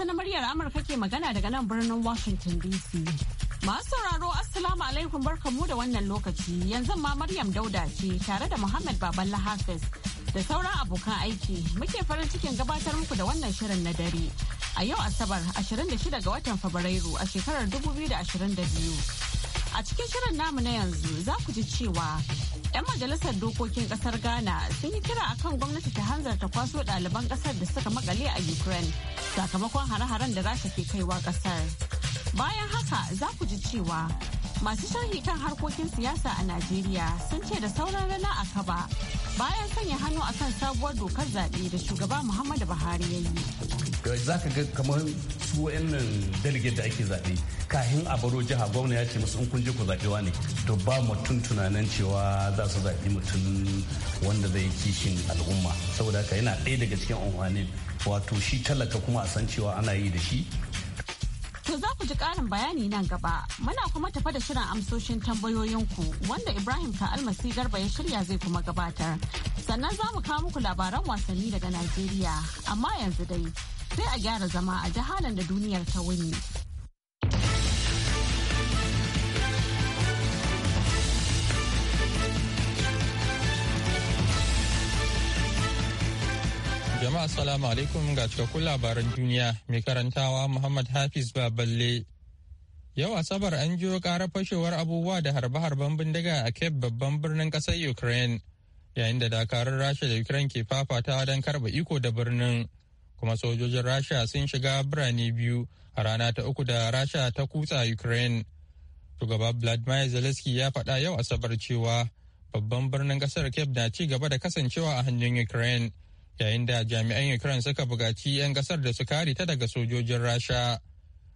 Hausa na muryar Amurka ke magana daga nan birnin Washington DC. Masu sauraro Assalamu alaikum barkamu da wannan lokaci yanzu ma Maryam Dauda ce tare da Muhammad Baballa Hafiz da sauran abokan aiki muke farin cikin gabatar muku da wannan shirin na dare. A yau Asabar 26 ga watan Fabrairu a shekarar 2022. A cikin shirin namu na yanzu za ku ji cewa 'yan majalisar dokokin kasar Ghana sun yi kira akan gwamnati ta hanzarta kwaso ɗaliban kasar da suka makale a Ukraine sakamakon hare-haren da Rasha ke kaiwa kasar. Bayan haka za ku ji cewa masu sharhi kan harkokin siyasa a Najeriya sun ce da sauran rana a kaba bayan sanya hannu akan sabuwar dokar zaɓe da shugaba Muhammadu Buhari ya yi. za ka ga kamar su wayannan delegate da ake zaɓe kahin a baro jiha gwamna ya ce musu in kun je ku zaɓewa ne to ba mutum tunanin cewa za su zaɓi mutum wanda zai kishin al'umma saboda haka yana ɗaya daga cikin amfanin wato shi talaka kuma a san cewa ana yi da shi To za ku ji ƙarin bayani nan gaba. Muna kuma tafa da shirin amsoshin tambayoyinku wanda Ibrahim almasi Garba ya shirya zai kuma gabatar. sannan za mu kawo muku labaran wasanni daga Najeriya amma yanzu dai sai a gyara zama a jihalan da duniyar ta wuni. Jama'a salamu alaikum ga cikakkun labaran duniya mai karantawa Muhammad Hafiz Baballe. Yau Asabar an jiyo ƙarar fashewar abubuwa da harbe-harben bindiga a Cape babban birnin ƙasar Ukraine. yayin da dakarun rasha da ukraine ke fafata don karba iko da birnin kuma sojojin rasha sun shiga birane biyu a rana ta uku da rasha ta kutsa ukraine shugaba vladimir zelensky ya faɗa yau asabar cewa babban birnin kasar kyiv na ci gaba da kasancewa a hannun ukraine yayin da jami'an ukraine suka bugaci 'yan kasar da su kare ta daga sojojin rasha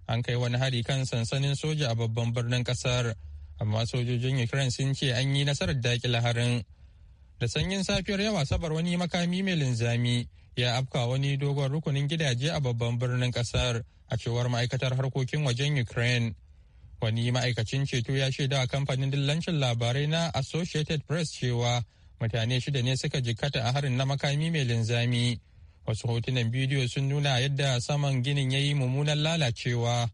an kai wani hari kan sansanin soja a babban birnin kasar amma sojojin ukraine sun ce an yi nasarar dakile harin da sanyin safiyar yawa sabar wani makami mai linzami ya afka wani dogon rukunin gidaje a babban birnin kasar a cewar ma'aikatar harkokin wajen ukraine wani ma'aikacin ceto ya shaida a kamfanin dillancin labarai na associated press cewa mutane shida ne suka jikata a harin na makami mai linzami wasu hotunan bidiyo sun nuna yadda saman ginin ya yi mummunan lalacewa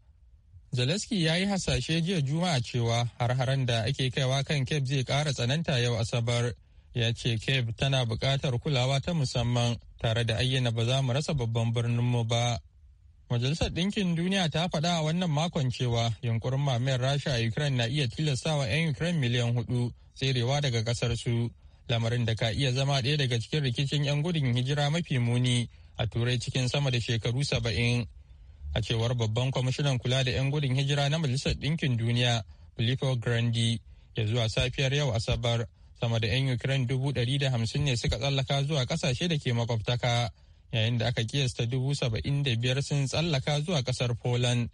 Zelensky ya yi hasashe jiya juma'a cewa har-haren da ake kaiwa kan Cape zai ƙara tsananta yau Asabar ya ce kev tana buƙatar kulawa ta musamman tare da ayyana ba za mu rasa babban birnin mu ba majalisar ɗinkin duniya ta faɗa a wannan makon cewa yunkurin mamayar rasha a ukraine na iya tilastawa 'yan ukraine miliyan hudu tserewa daga ƙasar su lamarin da ka iya zama ɗaya daga cikin rikicin 'yan gudun hijira mafi muni a turai cikin sama da shekaru saba'in a cewar babban kwamishinan kula da 'yan gudun hijira na majalisar ɗinkin duniya filippo grandi ya zuwa safiyar yau asabar sama da 'yan ukraine dubu ɗari da hamsin ne suka tsallaka zuwa ƙasashe da ke makwabtaka yayin da aka kiyasta dubu saba'in da biyar sun tsallaka zuwa ƙasar poland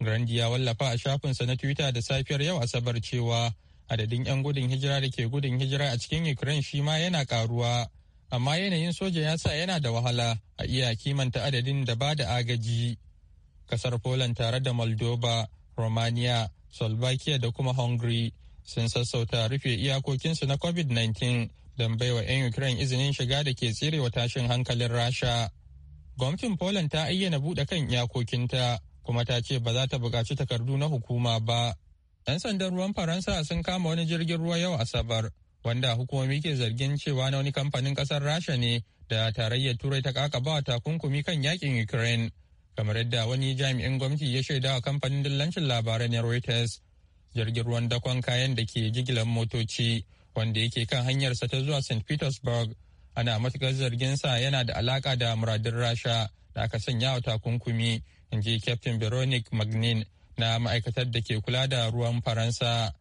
grandi ya wallafa a shafinsa na twitter da safiyar yau asabar cewa adadin 'yan gudun hijira da ke gudun hijira a cikin ukraine shi ma yana karuwa amma yanayin soja ya sa yana da wahala a iya kimanta adadin da ba da agaji kasar poland tare da moldova romania slovakia da kuma hungary sun sassauta rufe iyakokinsu na covid-19 don baiwa 'yan ukraine izinin shiga da ke tserewa tashin hankalin rasha gwamnatin poland ta ayyana buɗe kan iyakokinta kuma ta ce ba za ta buƙaci takardu na hukuma ba 'yan sandan ruwan faransa sun kama wani jirgin ruwa yau asabar wanda hukumomi ke zargin cewa na wani kamfanin ƙasar rasha ne da tarayyar turai ta kaka ba takunkumi kan yakin ukraine kamar yadda wani jami'in gwamnati ya shaida wa kamfanin dillancin labarai na reuters jirgin ruwan dakon kayan da ke jigilar motoci wanda yake kan hanyarsa ta zuwa st petersburg ana matukar zarginsa yana da alaka da muradin rasha da aka sanya wa takunkumi in ji captain veronic magnin na ma'aikatar da ke kula da ruwan faransa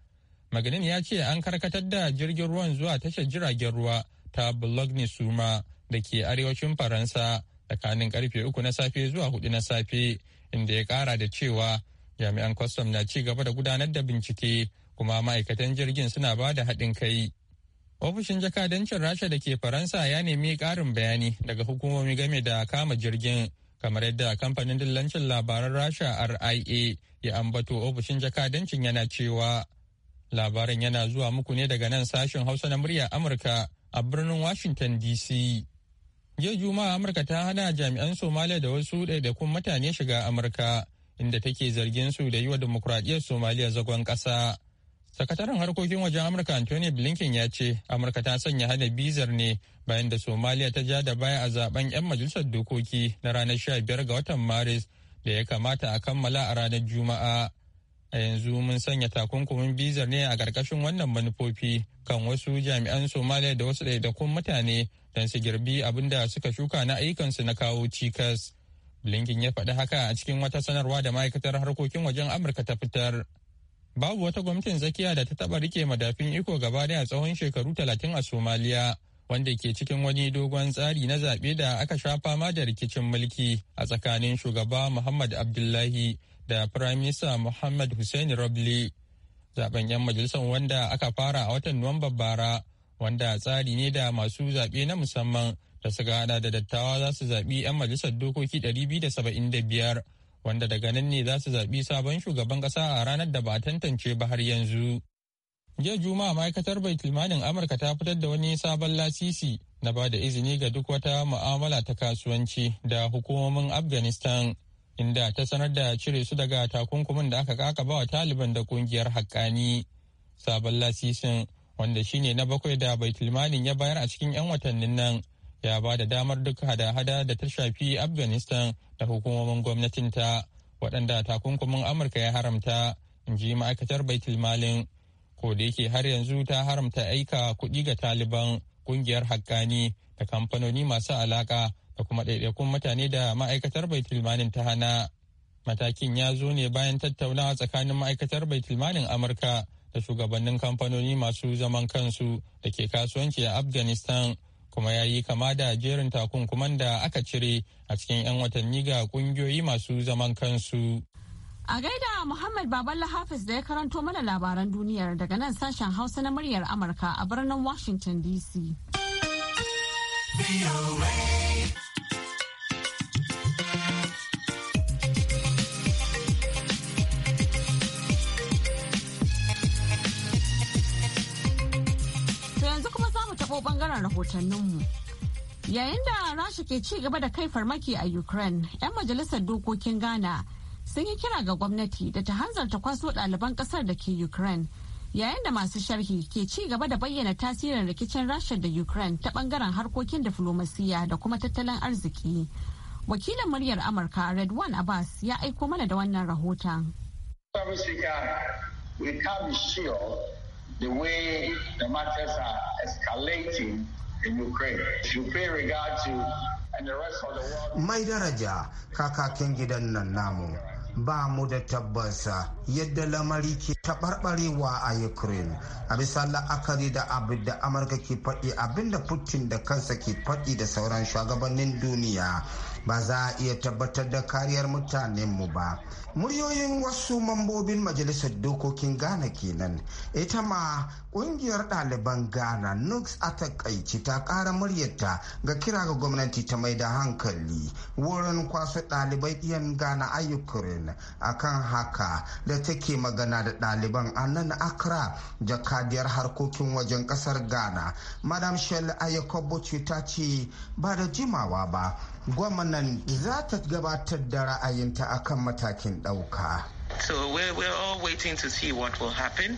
magnin ya ce an karkatar da jirgin ruwan zuwa tashar jiragen ruwa ta bologna suma da ke arewacin faransa tsakanin karfe uku na safe zuwa hudu na safe inda ya kara da cewa jami'an kwastam na ci gaba da gudanar da bincike kuma ma'aikatan jirgin suna ba da haɗin kai ofishin jakadancin rasha da ke faransa ya nemi ƙarin bayani daga hukumomi game da kama jirgin kamar yadda kamfanin dillancin labaran rasha ria ya ambato ofishin jakadancin yana cewa labaran yana zuwa muku ne daga nan sashen hausa na murya amurka a birnin washington dc jiya juma'a amurka ta hana jami'an somalia da wasu ɗaiɗaikun mutane shiga amurka inda take zargin su da yi wa demokuraɗiyyar somaliya zagon ƙasa sakataren harkokin wajen amurka antony blinken ya ce amurka ta sanya hana bizar ne bayan da somaliya ta ja da baya a zaben 'yan majalisar dokoki na ranar 15 ga watan maris da ya kamata a kammala a ranar juma'a a yanzu mun sanya takunkumin bizar ne a ƙarƙashin wannan manufofi kan wasu jami'an somaliya da wasu ɗaiɗaikun mutane don su girbi abin da suka shuka na ayyukansu na kawo cikas Blinken ya faɗi haka a cikin wata sanarwa da ma'aikatar harkokin wajen Amurka ta fitar. Babu wata gwamnatin tsakiya da ta taɓa rike madafin iko gaba daya tsawon shekaru talatin a Somaliya, wanda ke cikin wani dogon tsari na zaɓe da aka sha fama da rikicin mulki a tsakanin shugaba Muhammad Abdullahi da Firaminista Muhammad Hussein Roble. Zaben 'yan majalisar wanda aka fara a watan nuwamba bara, wanda tsari ne da masu zaɓe na musamman da suka hada da dattawa za su zaɓi 'yan majalisar dokoki 275 wanda daga nan ne za su zaɓi sabon shugaban ƙasa a ranar da ba a tantance ba har yanzu. Jiya Juma'a ma'aikatar Baitulmanin Amurka ta fitar da wani sabon lasisi na ba da izini ga duk wata mu'amala ta kasuwanci da hukumomin Afghanistan inda ta sanar da cire su daga takunkumin da aka ba wa Taliban da kungiyar haƙƙani. Sabon lasisin wanda shine na bakwai da Baitulmanin ya bayar a cikin 'yan watannin nan ya ba da damar duk hada-hada da ta shafi afghanistan da hukumomin gwamnatinta waɗanda takunkumin amurka ya haramta in ji ma'aikatar baitul malin ko da yake har yanzu ta haramta aika kuɗi ga taliban ƙungiyar haƙƙani da kamfanoni masu alaƙa da kuma ɗaiɗaikun mutane da ma'aikatar baitul malin ta hana matakin ya zo ne bayan tattaunawa tsakanin ma'aikatar baitul malin amurka da shugabannin kamfanoni masu zaman kansu da ke kasuwanci a afghanistan kuma ya yi kama da jerin takunkuman da aka cire a cikin 'yan watanni ga kungiyoyi masu zaman kansu. A gaida Muhammad Baballa Hafiz da ya karanto mana labaran duniyar daga nan sashen Hausa na muryar Amurka a birnin Washington DC. ko bangaren rahotanninmu. Yayin da Rasha ke ci gaba da kai farmaki a Ukraine, 'yan majalisar dokokin Ghana sun yi kira ga gwamnati da ta hanzarta kwaso ɗaliban ƙasar da ke Ukraine. Yayin da masu sharhi ke ci gaba da bayyana tasirin rikicin Rasha da Ukraine ta bangaren harkokin diflomasiya da kuma tattalin arziki. Wakilin muryar Amurka red Redwan Abbas ya aiko mana da wannan rahoton. we can be sure the way the matters are escalating in Ukraine. you pay regard to and the rest of the world. Mai daraja kakakin gidan nan namu. ba mu da tabbasa yadda lamari ke taɓarɓarewa a ukraine a bisa la'akari da abin da amurka ke faɗi abin da putin da kansa ke faɗi da sauran shugabannin duniya ba za a iya tabbatar da kariyar mutanenmu ba muryoyin wasu mambobin majalisar dokokin ghana kenan ita ma kungiyar ɗaliban ghana nux a takaici ta ƙara muryarta ga kira ga gwamnati ta mai da hankali wurin kwaso ɗalibai iyan ghana a ukraine akan haka da take magana da ɗaliban a nan accra jakadiyar harkokin wajen ƙasar ghana madam shell ayakobo ta ce ba da jimawa ba gwamnan za ta gabatar da ra'ayinta akan matakin ɗauka. So we're, we're all waiting to see what will happen.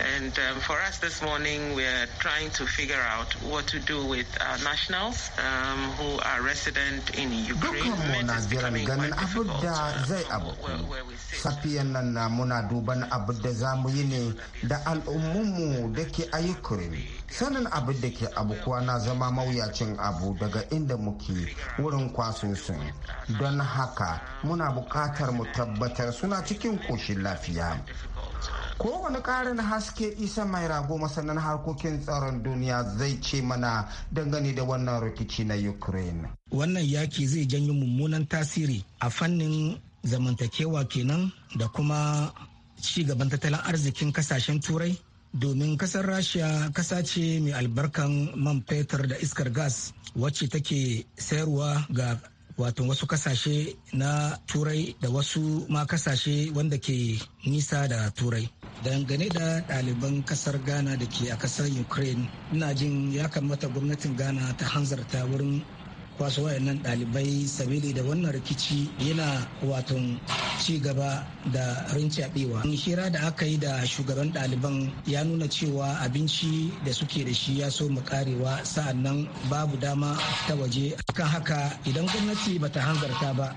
And um, for us this morning, we are trying to figure out what to do with our nationals um, who are resident in Ukraine. Dukkanmu uh, na abu. Safiyan nan na muna duban abin da za mu yi ne da al'ummunmu da ke a Ukraine. Sanin abin da ke abu na zama mawuyacin abu daga inda muke wurin kwaso Don haka muna bukatar mu tabbatar suna cikin koshin lafiya. Kowane ƙarin has haske isa mai rago masanan harkokin tsaron duniya zai ce mana dangane da wannan rikici na ukraine wannan yaki zai janyo mummunan tasiri a fannin zamantakewa kenan da kuma ci gaban tattalin arzikin kasashen turai domin kasar rasha kasa ce mai albarkan man fetur da iskar gas wacce take sayarwa ga wato wasu kasashe na turai da wasu ma kasashe wanda ke nisa da turai dangane da ɗaliban kasar ghana da ke a kasar ukraine ina jin ya kamata gwamnatin ghana ta hanzarta wurin kwaso wayannan ɗalibai sabili da wannan rikici yana waton ci gaba da rincaɓewa hira da aka yi da shugaban ɗaliban ya nuna cewa abinci da suke da shi ya so mu karewa sa'annan babu dama ta waje kan haka idan gwamnati bata hanzarta ba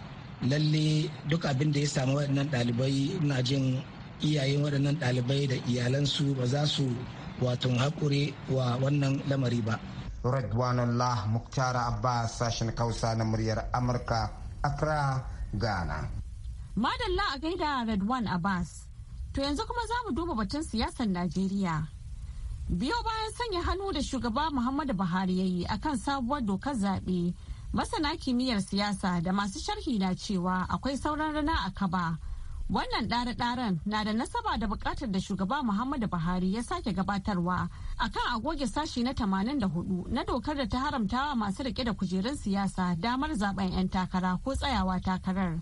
lalle duk abin da ya samu waɗannan ɗalibai na jin iyayen waɗannan ɗalibai da iyalansu ba za su watan haƙure wa wannan lamari ba. Redwanullah Muktara Abbas sashen Kausa na muryar Amurka, Accra, Ghana. Madalla a gaida Redwan Abbas. To yanzu kuma za mu duba batun siyasar Najeriya. Biyo bayan sanya hannu da shugaba Muhammadu Buhari ya yi kan sabuwar dokar zaɓe, masana kimiyyar siyasa da masu sharhi na cewa akwai sauran rana a kaba. Wannan ɗare-ɗaren na da nasaba da buƙatar da shugaba Muhammadu Buhari ya sake gabatarwa akan a goge sashi na tamanin da hudu na dokar da ta haramtawa masu rike da kujerun siyasa damar zaben 'yan takara ko tsayawa takarar.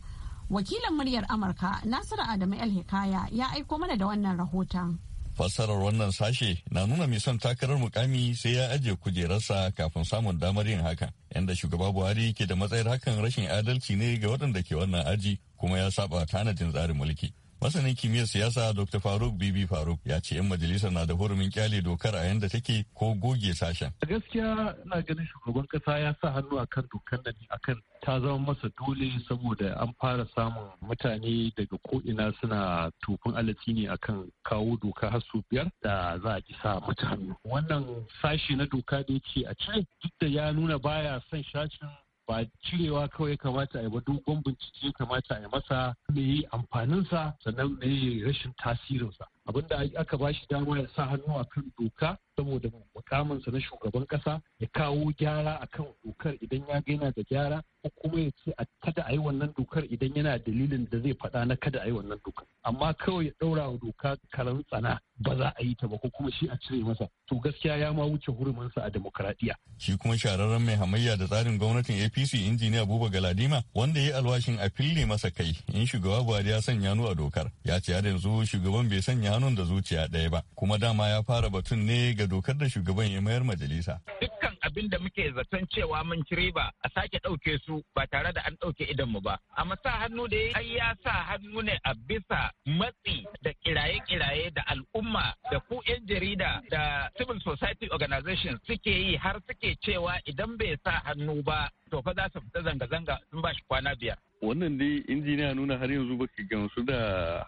Wakilin muryar Amurka Nasiru Adamu El Hikaya ya aiko mana da wannan rahoton. Fassarar wannan sashe na nuna mai son takarar mukami sai ya ajiye kujerarsa kafin samun damar yin haka Yanda shugaba Buhari ke da matsayar hakan rashin adalci ne ga waɗanda ke wannan aji kuma ya saba tanadin tsarin mulki. Masanin kimiyyar siyasa Dr. Faruk Bibi Faruk ya ce 'yan majalisar na da hurumin kyale dokar a yanda take ko goge sashen. A gaskiya ina ganin shugaban kasa ya sa hannu akan dokar a akan ta zama masa dole saboda an fara samun mutane daga ko'ina suna tufin alaci ne akan kawo doka har su biyar da za a isa mutane. Wannan sashi na doka da yake a ce duk da ya nuna baya son shashin ba cirewa kawai kamata a yi ba dogon bincike kamata a yi masa me yi amfaninsa sannan me yi rashin tasirinsa abinda aka ba shi dama ya sa hannu a kan doka saboda mukaminsa na shugaban kasa ya kawo gyara a kan dokar idan ya gaina da gyara ko kuma ya ce a kada a yi wannan dokar idan yana dalilin da zai faɗa na kada a yi wannan dokar amma kawai ya ɗaura wa doka karan tsana ba za a yi ta ba ko kuma shi a cire masa to gaskiya ya ma wuce hurumansa a demokradiyya. shi kuma shahararren mai hamayya da tsarin gwamnatin apc injiniya buba galadima wanda ya yi alwashin a fille masa kai in shugaba buhari ya sanya nu a dokar ya ce har yanzu shugaban bai sanya hannun da zuciya ɗaya ba kuma dama ya fara batun ne ga dokar da shugaban ya mayar majalisa. dukkan abin da muke zaton cewa mun ci riba a sake ɗauke su ba tare da an ɗauke idanmu ba. Amma sa hannu da ai ya sa hannu ne a bisa matsi da kiraye-kiraye da al'umma da ku 'yan jarida da civil society organization suke yi har suke cewa idan bai sa hannu ba to fa za su fita zanga-zanga sun ba shi kwana biyar. Wannan dai injiniya nuna har yanzu ba gamsu da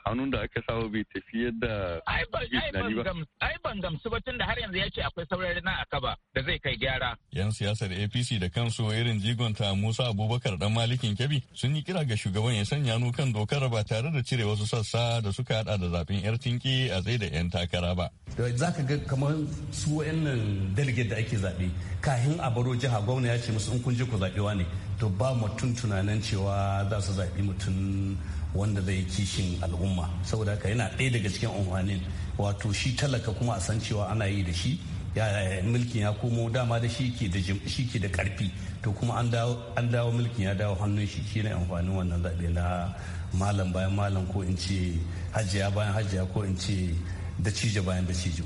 hannun da aka sawa bai tafi yadda ai ban gamsu ba tun da har yanzu ya ce akwai saurari na akaba da zai kai gyara. Yan siyasar APC da kansu irin jigonta Musa Abubakar dan Malikin kebi sun yi kira ga shugaban ya sanya nu kan dokar ba tare da cire wasu sassa da suka hada da zafin yar tinki a tsaye da yan takara ba. Za ka ga kamar su wayannan delegate da ake zabe kahin a baro jiha gwamna ya ce musu in kun je ku zaɓewa ne to ba mutum tunanin cewa za su zaɓi mutum wanda zai kishin al'umma saboda haka yana ɗaya daga cikin amfanin wato shi talaka kuma a san cewa ana yi da shi ya mulkin ya komo dama da shi ke da karfi to kuma an dawo mulkin ya dawo hannun shi shine amfanin wannan zaɓe na malam bayan malam ko in ce hajiya bayan hajiya ko in ce da cije bayan da cije.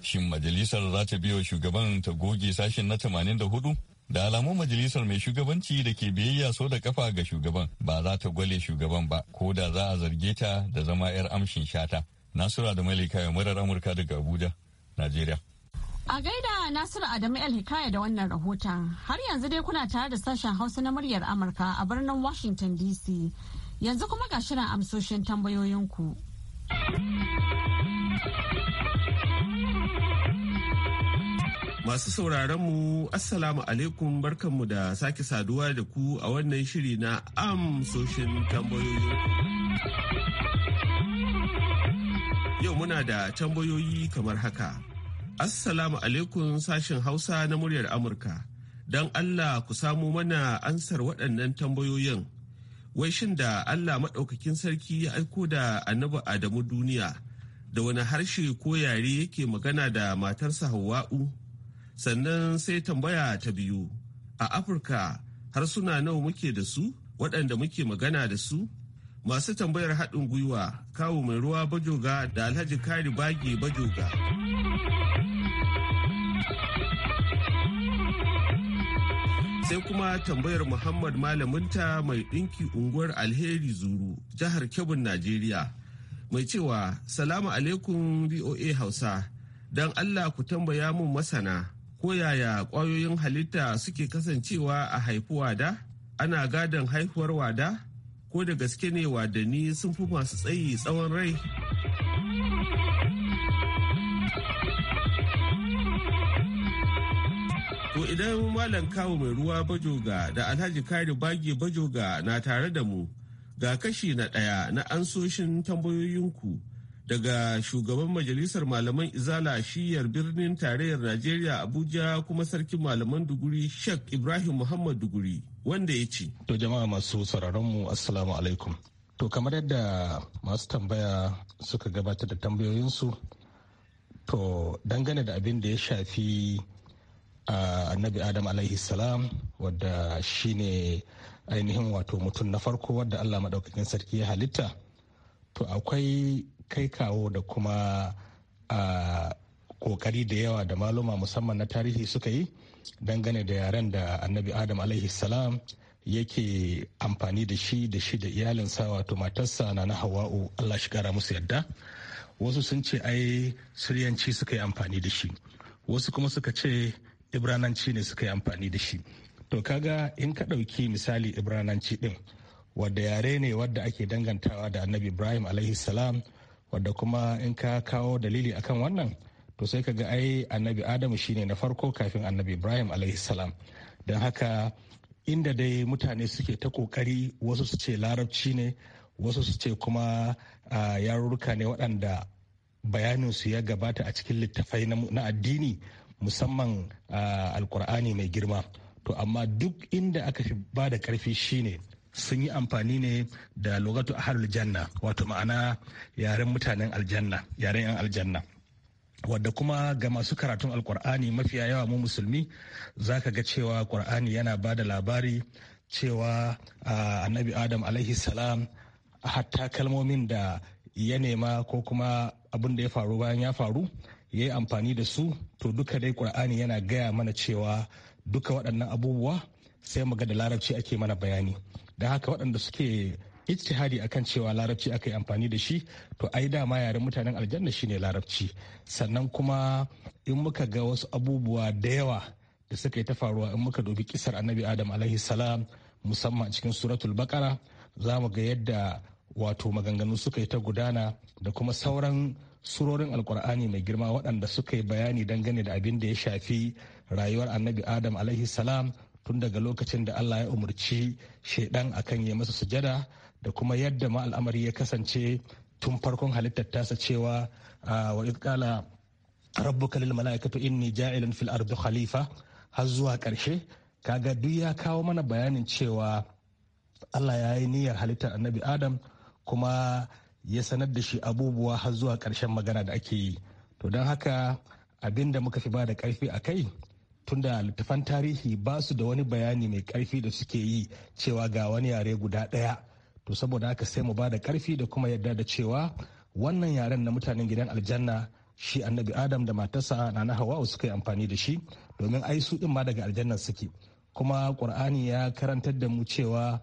shin majalisar za ta biyo shugaban ta goge sashen na 84 da alamun majalisar mai shugabanci da ke biyayya so da kafa ga shugaban ba za ta gwale shugaban ba ko da za a zarge ta da zama 'yar amshin shata nasura da malika ya murar amurka daga abuja najeriya a gaida nasiru adamu el hikaya da wannan rahoton har yanzu dai kuna tare da sashen hausa na muryar amurka a birnin washington dc yanzu kuma ga shirin amsoshin tambayoyinku. ku Masu sauraron mu Assalamu alaikum barkanmu da sake saduwa da ku a wannan shiri na amsoshin tambayoyi. Yau muna da tambayoyi kamar haka. Assalamu alaikum sashin Hausa na muryar Amurka. Don Allah ku samo mana ansar waɗannan tambayoyin. Wai shin da Allah maɗaukakin sarki ya aiko da annabi Adamu duniya da wani harshe ko yare yake magana da matarsa Hawwa'u? sannan sai tambaya ta biyu a afirka harsuna nawa muke da su waɗanda muke magana da su masu tambayar haɗin gwiwa kawo mai ruwa bajoga da alhaji kari bage bajoga sai kuma tambayar muhammad malaminta mai ɗinki unguwar alheri zuru jihar kebun najeriya mai cewa salamu alaikum voa hausa don allah ku tambaya mun masana ko yaya ƙwayoyin halitta suke kasancewa a haifi wada ana gadon haihuwar wada ko da gaske ne wadanni sun fi masu tsayi tsawon rai To idan Malam Kawo mai ruwa bajoga da Alhaji Kari Bage bajoga na tare da mu ga kashi na ɗaya na ansoshin tambayoyinku daga shugaban majalisar malaman izala shiyar birnin tarayyar najeriya abuja kuma sarkin malaman duguri sheikh ibrahim muhammad duguri wanda ya ce to jama'a masu mu assalamu alaikum to kamar yadda masu tambaya suka gabatar da tambayoyinsu to dangane da abin da ya shafi annabi adam alaihi salam wadda shine ainihin wato mutum na farko wadda allah maɗaukakin sarki ya halitta to akwai kai kawo da kuma kokari da yawa da maluma musamman na tarihi suka yi dangane da yaren da annabi adam alaihi salam yake amfani da shi da shi da iyalinsa wato matarsa na na hawa'u allah shi kara musu yadda wasu sun ce ai siryanci suka yi amfani da shi wasu kuma suka ce ibrananci ne suka yi amfani da shi to kaga in ka ɗauki misali ibrananci ɗin wadda yare ne wadda ake dangantawa da annabi ibrahim alaihi salam wadda kuma in ka kawo dalili akan wannan to sai ka ga ai annabi adamu shine na farko kafin annabi ibrahim salam don haka inda dai mutane suke ta kokari wasu su ce larabci ne wasu su ce kuma yarurruka ne waɗanda bayaninsu ya gabata a cikin littafai na addini musamman alkur'ani mai girma to amma duk inda aka fi ba da karfi shine sun yi amfani ne da a ahlul janna wato ma'ana yaren mutanen aljanna yaren yan aljanna wadda kuma ga masu karatun alkur'ani mafiya yawa mu musulmi za ka ga cewa kur'ani yana ba da labari cewa annabi adam alaihi salam hatta kalmomin da ya nema ko kuma abin da ya faru bayan ya faru ya yi amfani da su to duka dai kur'ani yana gaya mana cewa duka waɗannan abubuwa sai mu ga da larabci ake mana bayani da haka waɗanda suke ijtihadi akan cewa larabci aka yi amfani da shi to ai dama yaren mutanen aljanna shine larabci sannan kuma in muka ga wasu abubuwa da yawa da suka yi ta faruwa in muka dubi kisar annabi adam alaihi salam musamman cikin suratul bakara za mu ga yadda wato maganganu suka yi ta gudana da kuma sauran surorin alkur'ani mai girma waɗanda suka yi bayani dangane da abin da ya shafi rayuwar annabi adam alaihi salam tun daga lokacin da Allah ya umarci shaidan akan ya masa sujada da kuma yadda ma al'amari ya kasance tun farkon halittar tasa cewa ah, wa qala rabbuka lil mala'ikatu inni ja'ilun fil Filardu khalifa har zuwa karshe kaga duk ya kawo mana bayanin cewa Allah ya yi niyyar halittar annabi Adam kuma ya sanar da shi abubuwa har zuwa karshen magana da ake yi to don haka abinda muka fi ba da karfi a kai tunda littafan tarihi ba su da wani bayani mai karfi da suke yi cewa ga wani yare guda ɗaya to saboda haka sai mu ba da karfi da kuma yarda da cewa wannan yaren na mutanen gidan aljanna shi annabi adam da matarsa na na hawa suka yi amfani da shi domin ai su ɗin ma daga aljannan suke kuma qur'ani ya karantar da mu cewa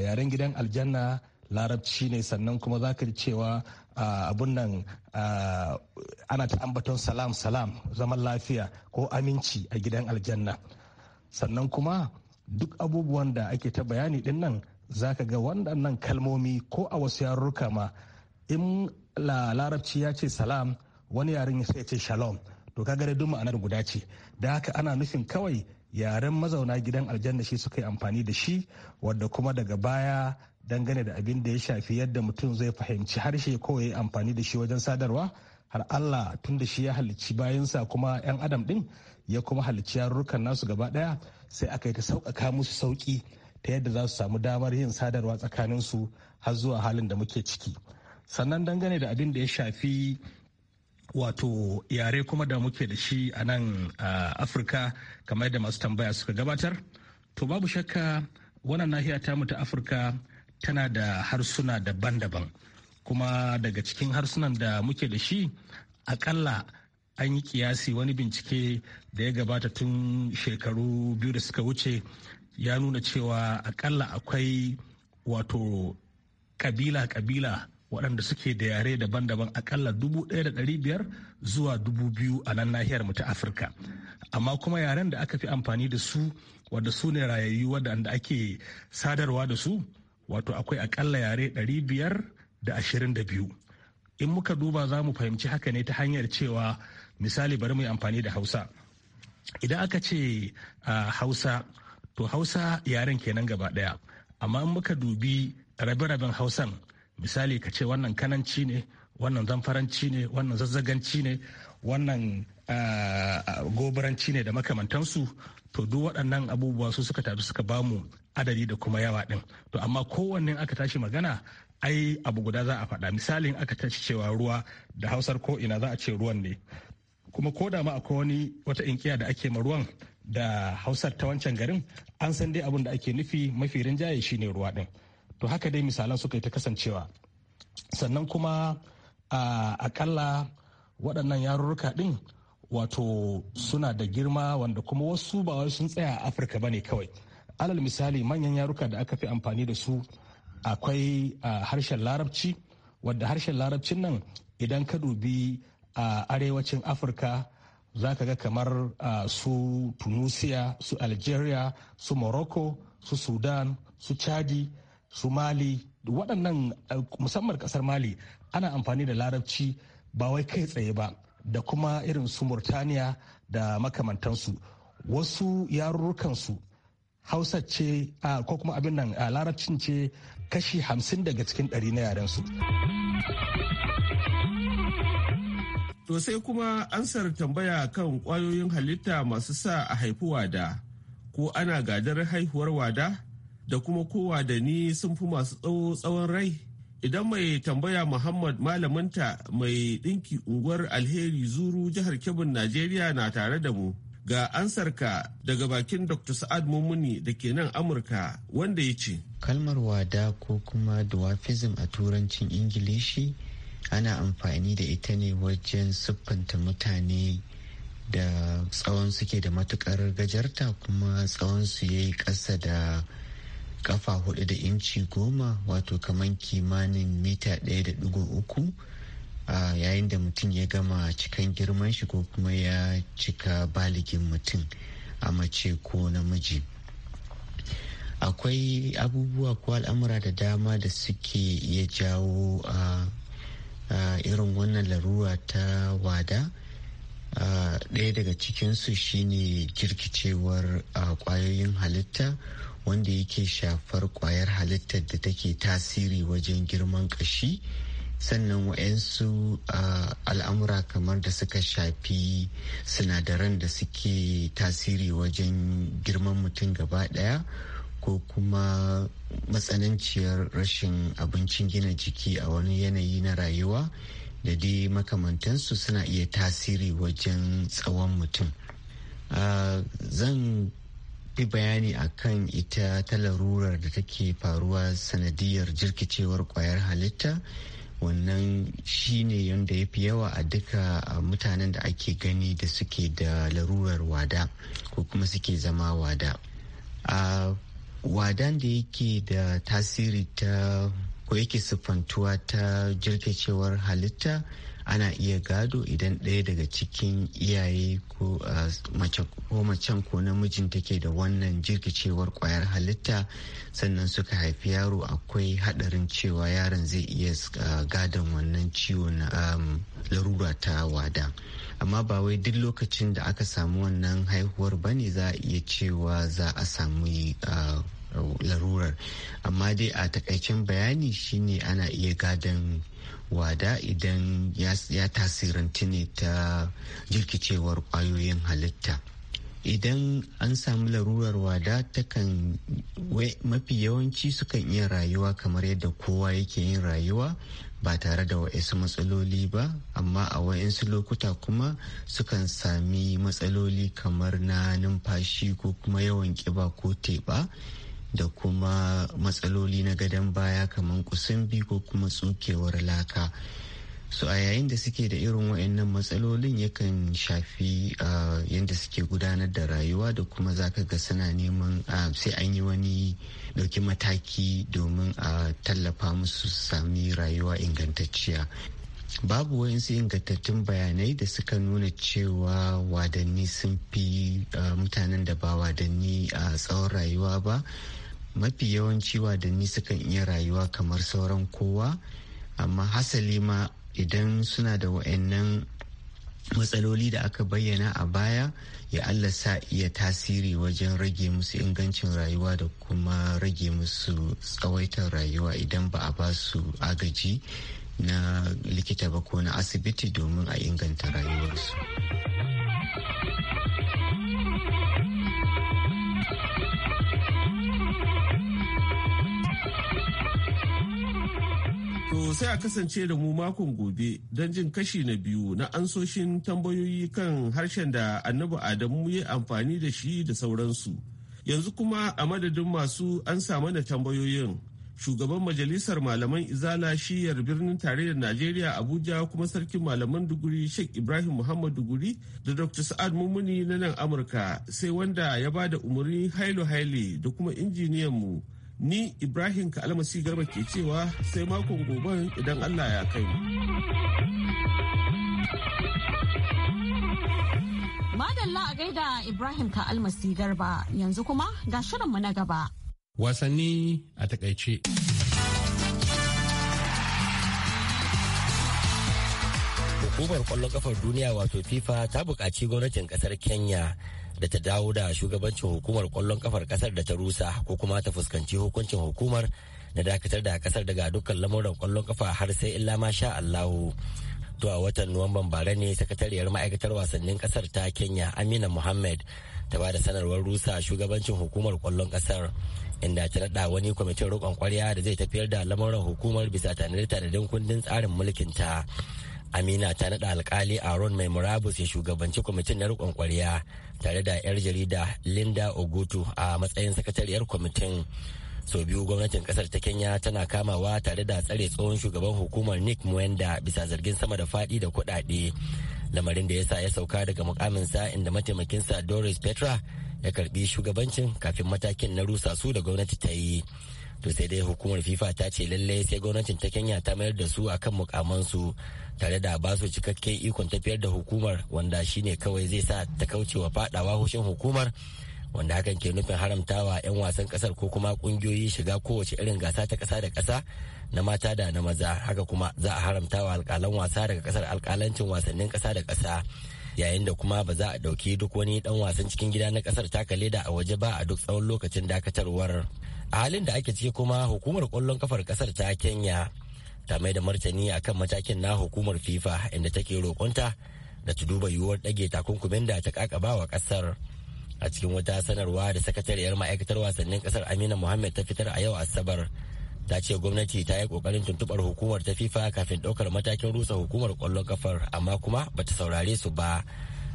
yaren gidan aljanna larabci ne sannan kuma zaka ji cewa abun nan ana ta ambaton salam salam zaman lafiya ko aminci a gidan aljanna sannan kuma duk abubuwan da ake ta bayani din nan za ka ga waɗannan kalmomi ko a wasu yarurruka ma in larabci ya ce salam wani yaren sai ya ce shalom to ka gare duk ma'anar guda ce da haka ana nufin kawai yaren mazauna gidan aljanna shi suka yi amfani da shi wadda kuma daga baya dangane da abin da ya shafi yadda mutum zai fahimci harshe ko ya amfani da shi wajen sadarwa har Allah tun da shi ya halicci bayansa kuma 'yan adam din ya kuma halicci yarurrukan nasu gaba daya sai aka yi ta sauƙaƙa musu sauƙi ta yadda za su samu damar yin sadarwa tsakanin su har zuwa halin da muke ciki sannan dangane da abin da ya shafi wato yare kuma da muke da shi a nan afirka kamar da masu tambaya suka gabatar to babu shakka wannan nahiya tamu ta afirka tana da harsuna daban-daban kuma daga cikin harsunan da muke da shi akalla an yi kiyasi wani bincike da ya gabata tun shekaru biyu da suka wuce ya nuna cewa akalla akwai wato kabila-kabila waɗanda suke da yare daban-daban akalla biyar zuwa biyu a nan nahiyar mu ta afirka amma kuma yaren da aka fi amfani da su wadda su ne rayayyu waɗanda ake sadarwa da su wato akwai akalla yare 522 in muka duba za mu fahimci haka ne ta hanyar cewa misali bari mu yi amfani da hausa idan aka ce hausa to hausa yaren kenan gaba daya amma in muka dubi rabe-raben hausan misali ka ce wannan kananci ne wannan zamfaranci ne wannan zazzaganci ne wannan gobaranci ne da makamantansu to duk waɗannan abubuwa su suka taru suka bamu adadi da kuma yawa ɗin to amma kowanne aka tashi magana ai abu guda za a faɗa misalin aka tashi cewa ruwa da hausar ko ina za a ce ruwan ne kuma ko da ma akwai wani wata inkiya da ake ma ruwan da hausar ta wancan garin an san dai abin da ake nufi mafi rinjaye shine ruwa ɗin to haka dai misalan suka yi ta kasancewa sannan kuma a akalla waɗannan yarurruka ɗin wato suna da girma wanda kuma wasu ba wai sun tsaya a afirka ba ne kawai alal misali manyan yaruka da aka fi amfani da su akwai harshen larabci wadda harshen larabcin nan idan ka dubi a arewacin afirka za ka ga kamar su tunisia su algeria su morocco su sudan su chadi su mali waɗannan musamman ƙasar mali ana amfani da larabci ba wai kai tsaye ba da kuma irin su murtaniya da makamantansu wasu yarurrukansu hausa ce ko kuma abin nan larabcin ce kashi hamsin daga cikin ɗari na yarensu. To sai kuma ansar tambaya kan kwayoyin halitta masu sa a haifi wada, ko ana gadar haihuwar wada da kuma ko wadanni sun fi masu tsawon rai? idan mai tambaya muhammad malaminta mai dinki unguwar alheri zuru jihar kebin najeriya na tare da mu ga ansarka daga bakin dr sa'ad mummuni da ke nan amurka wanda ya ce kalmar wada ko kuma duwafism a turancin ingilishi ana amfani da ita ne wajen siffanta mutane da tsawon suke da matukar gajarta kuma tsawon su yayi kasa da kafa hudu da inci goma wato kamar kimanin mita ɗaya da ɗigo uku yayin da mutum ya gama cikan girman shi ko kuma ya cika baligin mutum a mace ko namiji akwai abubuwa ko al'amura da dama da suke iya jawo a irin wannan larura ta wada ɗaya daga cikinsu shine jirkicewar kwayoyin halitta wanda yake shafar kwayar halittar da take tasiri wajen girman kashi sannan wa'yansu al'amura kamar da suka shafi sinadaran da suke tasiri wajen girman mutum gaba daya ko kuma matsananciyar rashin abincin gina jiki a wani yanayi na rayuwa da dai makamantansu suna iya tasiri wajen tsawon mutum zan bayani akan ita ta larurar da take faruwa sanadiyar jirkicewar kwayar halitta wannan shine yadda ya fi yawa a duka mutanen da ake gani da suke da larurar wada ko kuma suke zama wada a wadan da yake da tasiri ta ko yake siffantuwa ta jirkicewar halitta ana iya gado idan ɗaya daga cikin iyaye ko ko macen ko namijin take da wannan jirgicewar kwayar halitta sannan suka haifi yaro akwai haɗarin cewa yaron zai iya gadon wannan ciwo na larura ta wada amma ba wai duk lokacin da aka samu wannan haihuwar ba ne za a iya cewa za a samu larurar amma dai a takaicen bayani shine ana iya gadon wada idan ya tasirantu ne ta jirkicewar kwayoyin halitta idan an samu larurar wada takan mafi yawanci sukan iya rayuwa kamar yadda kowa yake yin rayuwa ba tare da wa'isu matsaloli ba amma a wa'insu lokuta kuma sukan sami matsaloli kamar na numfashi ko kuma yawan kiba ko teɓa da kuma matsaloli na gadon baya kamar kusumbi ko kuma tsukewar laka so a yayin da suke da irin wa'annan matsalolin yakan shafi yadda suke gudanar da rayuwa da kuma zaka ga suna neman sai an yi wani dauki mataki domin a tallafa musu sami rayuwa ingantacciya babu su ingantattun bayanai da suka nuna cewa wadanni sun fi mutanen da ba wadanni a tsawon rayuwa ba mafi yawanci wadanni sukan iya rayuwa kamar sauran kowa amma hasali ma idan suna da waɗannan matsaloli da aka bayyana a baya ya Allah sa iya tasiri wajen rage musu ingancin rayuwa da kuma rage musu tsawaitar rayuwa idan ba a ba su agaji na likita ba ko na asibiti domin a inganta rayuwarsu. To sai a kasance da mu makon gobe don jin kashi na biyu na ansoshin tambayoyi kan harshen da annabi Adamu ya amfani da shi da sauransu. Yanzu kuma a madadin masu an samu da tambayoyin shugaban majalisar malaman izala shiyar birnin tarayyar najeriya abuja kuma sarkin malaman duguri sheikh ibrahim muhammad duguri da dr sa'ad Mummuni na nan amurka sai wanda ya ba da umarni hailo haile da kuma injiniyan mu ni ibrahim kalmasi garba ke cewa sai makon goben idan allah ya kai madalla a gaida ibrahim ka almasi garba yanzu kuma ga shirinmu na gaba wasanni a takaice. hukumar kwallon kafar duniya wato fifa ta buƙaci gwamnatin ƙasar kenya da ta dawo da shugabancin hukumar kwallon kafar ƙasar da ta rusa ko kuma ta fuskanci hukuncin hukumar na dakatar da ƙasar daga dukkan lamuran kwallon kafa har sai illa ma sha allahu to a watan nuwamban bara ne sakatariyar ma'aikatar wasannin ƙasar ta kenya amina muhammad ta bada sanarwar rusa shugabancin hukumar kwallon ƙasar inda ta naɗa wani kwamitin roƙon kwarya da zai tafiyar da lamarin hukumar bisa tanade da kundin tsarin mulkin ta. amina ta naɗa alkali Ron mai murabus ya shugabanci kwamitin na roƙon kwarya tare da 'yar jarida linda ogutu a matsayin sakatariyar kwamitin sau biyu gwamnatin kasar ta kenya tana kamawa tare da tsare tsohon shugaban hukumar nick muenda bisa zargin sama da faɗi da kuɗaɗe lamarin da ya sa ya sauka daga mukaminsa inda mataimakinsa doris petra ya karbi shugabancin kafin matakin na rusa su da gwamnati ta yi to sai dai hukumar fifa ta ce lallai sai gwamnatin ta kenya ta mayar da su akan mukamansu tare da ba su cikakken ikon tafiyar da hukumar wanda shine kawai zai sa ta kauce wa fadawa hushin hukumar wanda hakan ke nufin haramtawa 'yan wasan kasar ko kuma kungiyoyi shiga kowace irin gasa ta kasa da kasa na mata da na maza haka kuma za a haramtawa alkalan wasa daga kasar alkalancin wasannin kasa da kasa yayin da kuma ba za a ɗauki duk wani ɗan wasan cikin gida na ƙasar taka leda a waje ba a duk tsawon lokacin dakatarwar a halin da ake ciki kuma hukumar kwallon kafar ƙasar ta kenya ta mai da martani akan matakin na hukumar fifa inda take roƙonta da ta duba yiwuwar ɗage takunkumin da ta kakaba wa ƙasar a cikin wata sanarwa da sakatariyar ma'aikatar wasannin ƙasar amina muhammad ta fitar a yau asabar ta ce gwamnati ta yi kokarin tuntubar hukumar ta fifa kafin daukar matakin rusa hukumar kwallon kafar amma kuma bata saurare su ba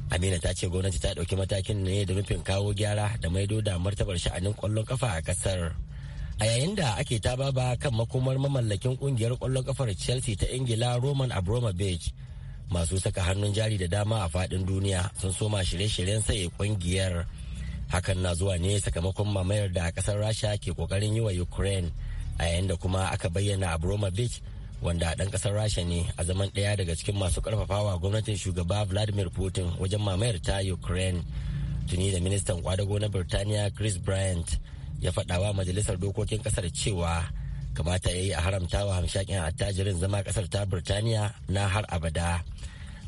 amina ta ce gwamnati ta dauki matakin ne da nufin kawo gyara da maido da martabar sha'anin kwallon kafa a kasar a yayin da ake ta baba kan makomar mamallakin kungiyar kwallon kafar chelsea ta ingila roman abramovich masu saka hannun jari da dama a fadin duniya sun soma shirye-shiryen saye kungiyar hakan na zuwa ne sakamakon mamayar da kasar rasha ke kokarin yi wa ukraine a yayin da kuma aka bayyana beach wanda ɗan ƙasar rasha ne a zaman ɗaya daga cikin masu ƙarfafawa gwamnatin shugaba vladimir putin wajen mamayar ta ukraine tuni da ministan kwadago na birtaniya chris bryant ya faɗawa majalisar dokokin ƙasar cewa kamata ya yi a wa hamshakin attajirin zama ƙasar ta birtaniya na har abada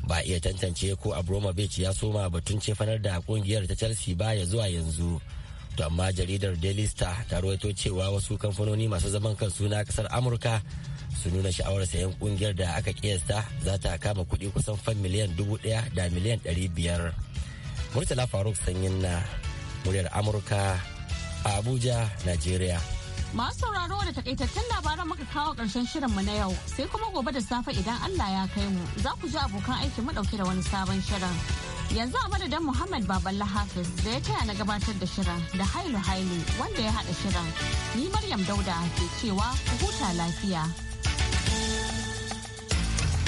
ba iya tantance ko beach ya soma batun cefanar da kungiyar ta chelsea ba ya zuwa yanzu to amma jaridar daily star ta ruwaito cewa wasu kamfanoni masu zaman kansu na kasar amurka su nuna sha'awar sayan kungiyar da aka kiyasta za ta kama kudi kusan fan miliyan dubu daya da miliyan dari biyar murtala faruk sanyin na muryar amurka a abuja nigeria masu sauraro da takaitattun labaran muka kawo karshen shirinmu na yau sai kuma gobe da safe idan allah ya kai mu za ku ji abokan aiki mu dauke da wani sabon shirin yanzu a madadin muhammad baballa hafiz da ya taya na gabatar da shirin da hailu hailu wanda ya haɗa shirin ni maryam dauda ke cewa huta lafiya